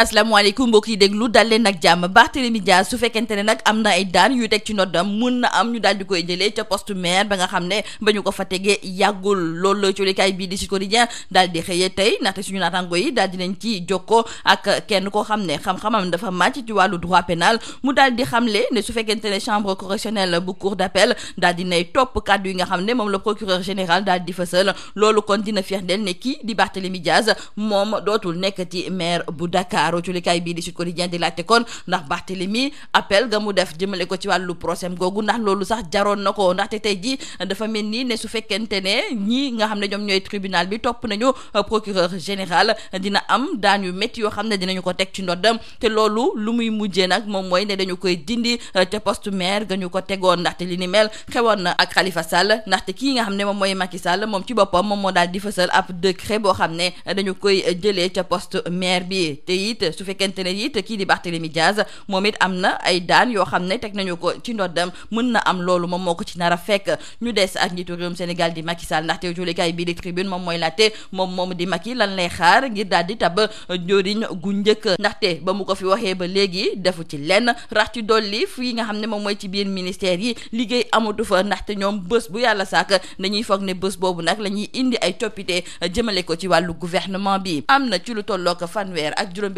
asalaamaaleykum mbokk yi déglu dal leen nag jàmm Barthélémy Dias su fekkente ne nag am na ay daan yu teg ci noddam mun na am ñu daal di koy jëlee ca poste maire ba nga xam ne ba ñu ko fa tegee yàggul loolu la colikaay bii di Sud Quotidien daal di xëyee tey ndaxte suñu naataango yi daal di nañ ci jokkoo ak kenn koo xam ne xam-xamam dafa màcc ci wàllu droit pénal mu daal di xam ne su fekkente ne chambre correctionnelle bu cour d'appel daal di nay t kàddu yi nga xam ne moom la procureur général daal di fësal loolu kon dina firndeel ne kii di Barthélémy Dias moom dootul nekk ci maire Ndakaaru culikaay bii di Sud Quotidien di laajte kon ndax Barthélemy appel ga mu def jëmale ko ci wàllu procès googu ndax loolu sax jaroon na ko ndaxte mel ni ne su fekkente ne ñii nga xam ne ñoom ñooy tribunal bi topp nañu euh, procureur général dina am daan yu métti yoo xam ne dinañu ko teg ci ndoddam te loolu lu muy mujjee nag moom mooy ne dañu koy dindi te euh, post maire ga ñu ko tegoon ndaxte li ni mel xewoon na ak Khalifa Sall ndaxte kii nga xam ne moom mooy Macky Sall moom ci boppam moom moo daal di fësal ab décret boo xam ne dañu koy jëlee ca poste maire bi te it su fekkente ne it kii di Barthélémy Diaz moom it am na ay daan yoo xam ne teg nañu ko ci ndoddam mën na am loolu moom moo ko ci nar a fekk ñu des ak njiitu réewum Sénégal di Macky Sall ndaxte julikaay bii di tribune moom mooy laajte moom moom di Macky lan lay xaar ngir daal di tab njëriñ gu njëkk ndaxte ba mu ko fi waxee ba léegi defu ci lenn rax ci dolli fii nga xam ne moom mooy ci biir ministère yi liggéey amatu fa ndaxte ñoom bés bu yàlla sàkk dañuy foog ne bés boobu nag la ñuy indi ay coppite jëmale ko ci wàllu gouvernement bi na ci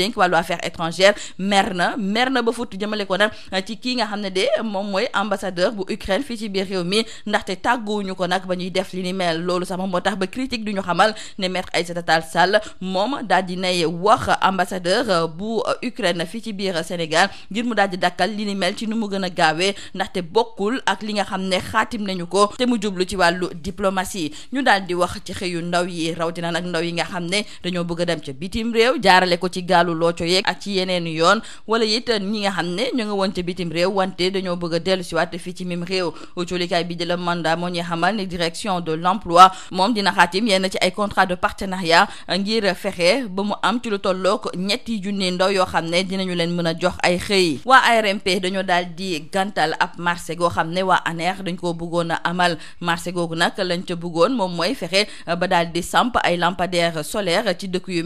dénk wàllu affaires étrangères mer na mer na ba futt jëmale ko nag ci kii nga xam ne de moom mooy ambassadeur bu Ukraine fii ci biir réew mi ndaxte tàgguwuñu ko nag ba ñuy def ni mel loolu sax moo tax ba critique du ñu xamal ne maître Aïssata Tall Sall moom daal di nay wax ambassadeur bu Ukraine fii ci biir Sénégal ngir mu daal di dakkal li ni mel ci nu mu gën a gaawee ndaxte bokkul ak li nga xam ne xaatim nañu ko te mu jublu ci wàllu diplomatie ñu daal di wax ci xëyu ndaw yi rawatina nag ndaw yi nga xam ne dañoo bëgg dem ca bitim réew jaarale ko ci gaalu wàllu looco yeeg ak ci yeneen yoon wala it ñi nga xam ne ñu nga woon ca bitim réew wante dañoo bëgg a dellu si waat fii ci mim réew colikaay bi di la mandat moo ñuy xamal ne direction de l'emploi moom dina xaatim yenn ci ay contrat de partenariat ngir fexe ba mu am ci lu tollook ñetti junni ndaw yoo xam ne dinañu leen mën a jox ay xëy waa ARMP dañoo daal di gantal ab marché goo xam ne waa ANER dañ koo bëggoon a amal marché googu nag lañ ca bëggoon moom mooy fexe ba daal di samp ay lampadaire yu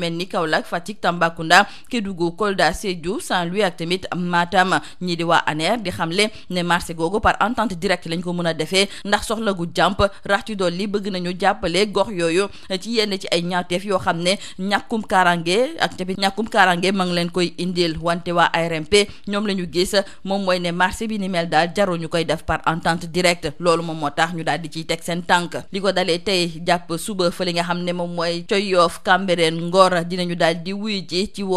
Kédougou Kolda Sédhiou Saint-Louis ak tamit Matam ñii di waa ANER di xamle ne marché googu par entente directe lañ ko mën a defee ndax soxla gu jàmp rax ci dolli bëgg nañu jàppale gox yooyu ci yenn ci ay ñaawteef yoo xam ne ñàkkum kaaraange ak tamit ñàkkum kaaraange ma leen koy indil wante waa ARMP ñoom la ñu gis moom mooy ne marché bi ni mel daal jarul ñu koy def par entente directe loolu moom moo tax ñu daal di ciy teg seen tànk li ko dalee tey jàpp suba li nga xam ne moom mooy Coyof Cambérène Ngor dinañu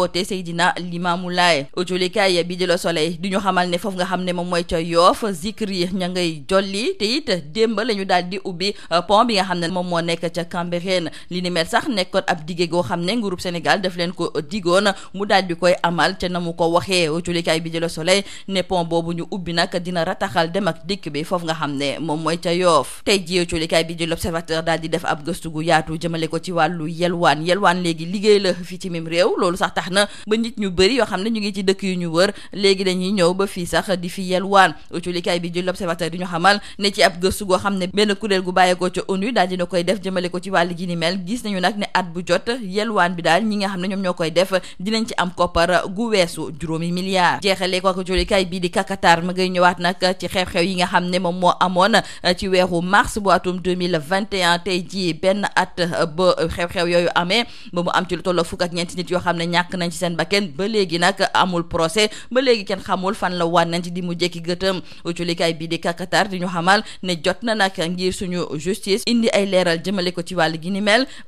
njaboote Seydina Limaamu Laay ojolikaay bi di la Soleil di xamal ne foof nga xam ne moom mooy ca Yoof zikr yi ña ngay jolli te it démb la ñu daal di ubbi euh, pont bi nga xam ne moom moo nekk ca Cambérène li ni mel sax nekkoon ab dige goo xam ne nguurub Sénégal daf leen ko digoon mu daal di koy amal te na mu ko waxee ojolikaay bi di la ne pont boobu ñu ubbi nag dina rataxal dem ak dikk bi foofu nga xam ne moom mooy ca Yoof tey ji ojolikaay bi di l'Observateur daal di def ab gëstu yaatu jëmale ko ci wàllu yelwaan yelwaan léegi liggéey la fi ci mim réew loolu sax tax na ba nit ñu bëri yoo xam ne ñu ngi ci dëkk yu ñu wër léegi dañuy ñëw ba fii sax di fi yelwaan autolikaay bi di l'observateur di ñu xamal ne ci ab gëstu goo xam ne benn kuréel gu bàyyeekoo ca ONU daal dina koy def jëmale ko ci wàll gi ni mel gis nañu nag ne at bu jot yelwaan bi daal ñi nga xam ne ñoom ñoo koy def dinañ ci am koppar gu weesu juróomi milliards jeexale ko autolikaay bi di kakatar ma ngay ñëwaat nag ci xew-xew yi nga xam ne moom moo amoon ci weeru mars bu atum 2021 tey jii benn at ba xew-xew yooyu amee ba mu am ci lu tolloo fukk ak ñeenti nit yoo xam ne ñàkk nañ nañ ci seen bakken ba léegi nag amul procès ba léegi kenn xamul fan la wan nañ ci di mu jekki gëtëm uculikaay bii di kakatar di ñu xamal ne jot na nag ngir suñu justice indi ay leeral jëmale ko ci wàll gi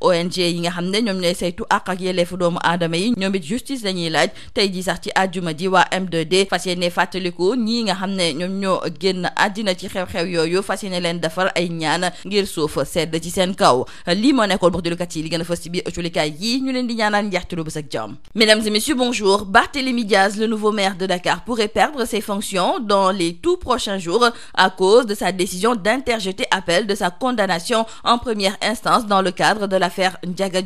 ONG yi nga xam ne ñoom ñooy saytu àq ak yelleefu doomu aadama yi ñoom it justice lañuy laaj tey ji sax ci àjjuma ji waa M2D fas yéene fàttaliku ñii nga xam ne ñoom ñoo génn àddina ci xew-xew yooyu fas yéene leen defar ay ñaan ngir suuf sedd ci seen kaw lii moo nekkoon box di lukat yi li gën a fës ci biir uculikaay yi ñu leen di ñaanaan njeextilu bés ak jàmm Mesdames et messieurs, bonjour. Barthélémy Diaz, le nouveau maire de Dakar, pourrait perdre ses fonctions dans les tout prochains jours à cause de sa décision d'interjeter appel de sa condamnation en première instance dans le cadre de l'affaire Ndiaga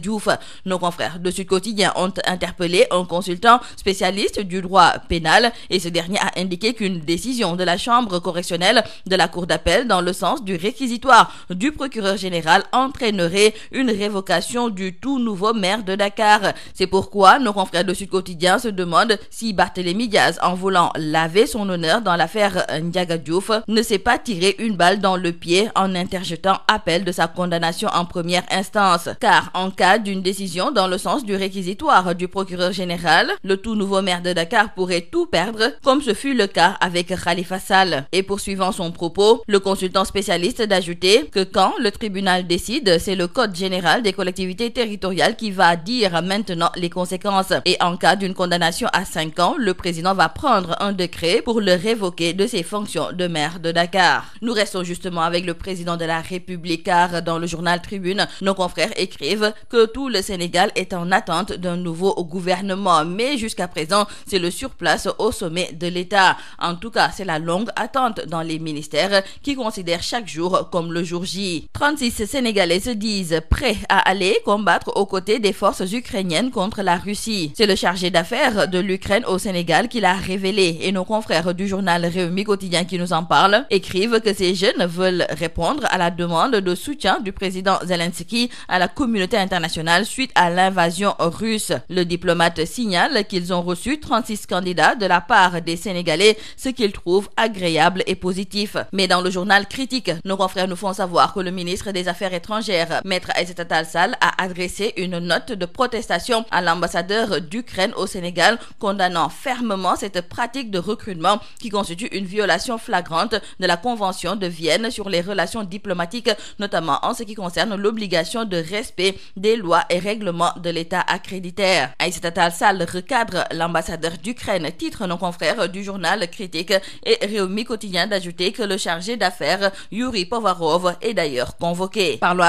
Nos confrères de Sud Quotidien ont interpellé un consultant spécialiste du droit pénal et ce dernier a indiqué qu'une décision de la chambre correctionnelle de la cour d'appel dans le sens du réquisitoire confrères de Sud Quotidien se demandent si Barthélémy Diaz, en voulant laver son honneur dans l'affaire Ndiaga ne s'est pas tiré une balle dans le pied en interjetant appel de sa condamnation en première instance. Car en cas d'une décision dans le sens du réquisitoire du procureur général, le tout nouveau maire de Dakar pourrait tout perdre, comme ce fut le cas avec Khalifa Sall. Et poursuivant son propos, le consultant spécialiste d'ajouter que quand le tribunal Et en cas d'une condamnation à cinq ans, le président va prendre un décret pour le révoquer de ses fonctions de maire de Dakar. Nous restons justement avec le président de la République car dans le journal Tribune, nos confrères écrivent que tout le Sénégal est en attente d'un nouveau gouvernement. Mais jusqu'à présent, c'est le surplace au sommet de l'État. En tout cas, c'est la longue attente dans les ministères qui considèrent chaque jour comme le J. pays. C'est le chargé d'affaires de l'Ukraine au Sénégal qui l'a révélé et nos confrères du journal Réumi Quotidien qui nous en parlent écrivent que ces jeunes veulent répondre à la demande de soutien du président Zelensky à la communauté internationale suite à l'invasion russe. Le diplomate signale qu'ils ont reçu candidats de la part des Sénégalais, ce qu'ils trouvent agréable et positif. Mais dans le journal critique, nos confrères nous font savoir que a ambassadeur d'Ukraine au Sénégal, condamnant fermement cette pratique de recrutement qui constitue une violation flagrante de la Convention de Vienne sur les relations diplomatiques, notamment en ce qui concerne l'obligation de respect des lois et règlements de l'État accréditaire. Aïssata Tall recadre l'ambassadeur d'Ukraine, titre nos confrères du journal Critique et Réumi Quotidien d'ajouter que le chargé d'affaires Yuri Povarov est d'ailleurs convoqué. Parlons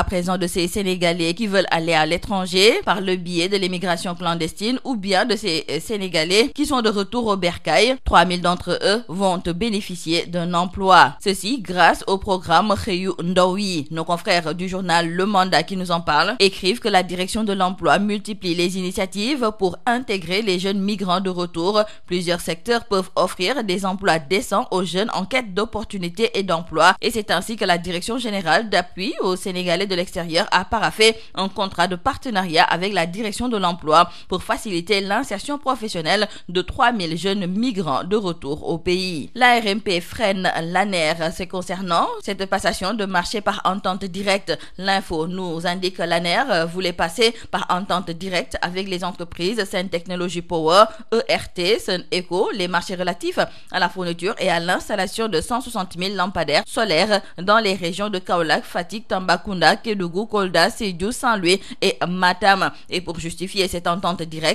Cameroun ou bien de ces euh, Sénégalais qui sont de retour au bercail. 3000 d'entre eux vont bénéficier d'un emploi. Ceci grâce au programme Xëyu Ndaw yi. Nos confrères du journal Le Mandat qui nous en parlent écrivent que la direction de l'emploi multiplie les initiatives pour intégrer les jeunes migrants de retour. Plusieurs secteurs peuvent offrir des emplois décents aux jeunes en quête d'opportunités et d'emplois et c'est ainsi que la direction générale d'appui aux Sénégalais a paraphé un contrat de partenariat la direction de l'emploi faciliter l'insertion professionnelle de 3000 jeunes migrants de retour au pays. La RMP freine l'ANER. C'est concernant cette passation de marché par entente directe. L'info nous indique que l'ANER voulait passer par entente directe avec les entreprises Sen Technology Power, ERT, Sen Eco, les marchés relatifs à la fourniture et à l'installation de 160 000 lampadaires solaires dans les régions de Kaolack, Fatick, Tambacounda, Kédougou, Kolda, Sédhiou, Saint-Louis et Matam. Et pour justifier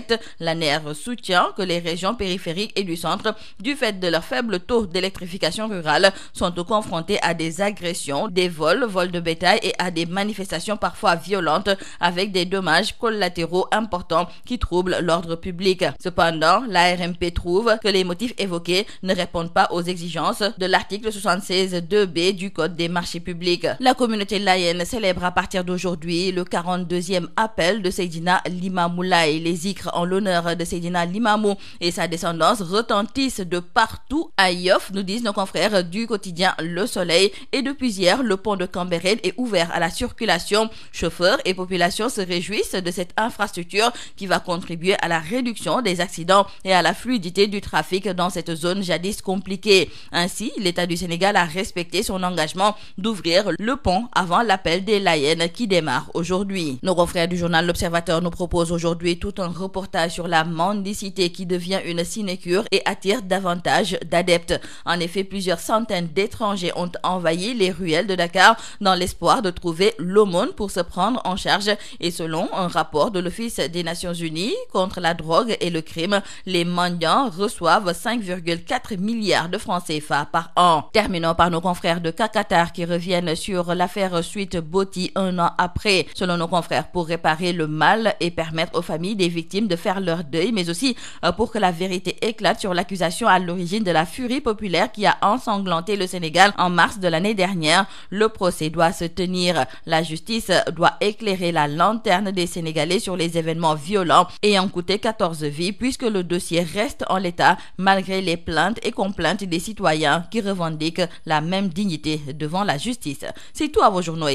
directe. L'ANER soutient que les régions périphériques et du centre, du fait de leur faible taux d'électrification rurale, sont confrontées à des agressions, des vols, vols de bétail et à des manifestations parfois violentes avec des dommages collatéraux importants qui troublent l'ordre public. Cependant, l'ARMP trouve que les motifs évoqués ne répondent pas aux exigences de l'article b du Code des marchés publics. La communauté laïenne célèbre à partir prières en l'honneur de Seydina Limamou et sa descendance retentissent de partout à Yoff, nous disent nos confrères du quotidien Le Soleil. Et depuis hier, le pont de Cambérène est ouvert à la circulation. Chauffeurs et population se réjouissent de cette infrastructure qui va contribuer à la réduction des accidents et à la fluidité du trafic dans cette zone jadis compliquée. Ainsi, l'État du Sénégal a respecté son engagement d'ouvrir le pont avant l'appel des Layennes reportage sur la mendicité qui devient une sinécure et attire davantage d'adeptes. En effet, plusieurs centaines d'étrangers ont envahi les ruelles de Dakar dans l'espoir de trouver l'aumône pour se prendre en charge et selon un rapport de l'Office des Nations Unies contre la drogue et le crime, les mendiants reçoivent milliards de francs CFA par an. Terminons par nos confrères de Kakatar qui reviennent sur l'affaire Suite Boti un an après. Selon nos confrères, victimes de faire leur deuil, mais aussi euh, pour que la vérité éclate sur l'accusation à l'origine de la furie populaire qui a ensanglanté le Sénégal en mars de l'année dernière. Le procès doit se tenir. La justice doit éclairer la lanterne des Sénégalais sur les événements violents ayant coûté 14 vies puisque le dossier reste en l'état malgré les plaintes et complaintes des citoyens qui revendiquent la même dignité devant la justice. C'est tout à vos journaux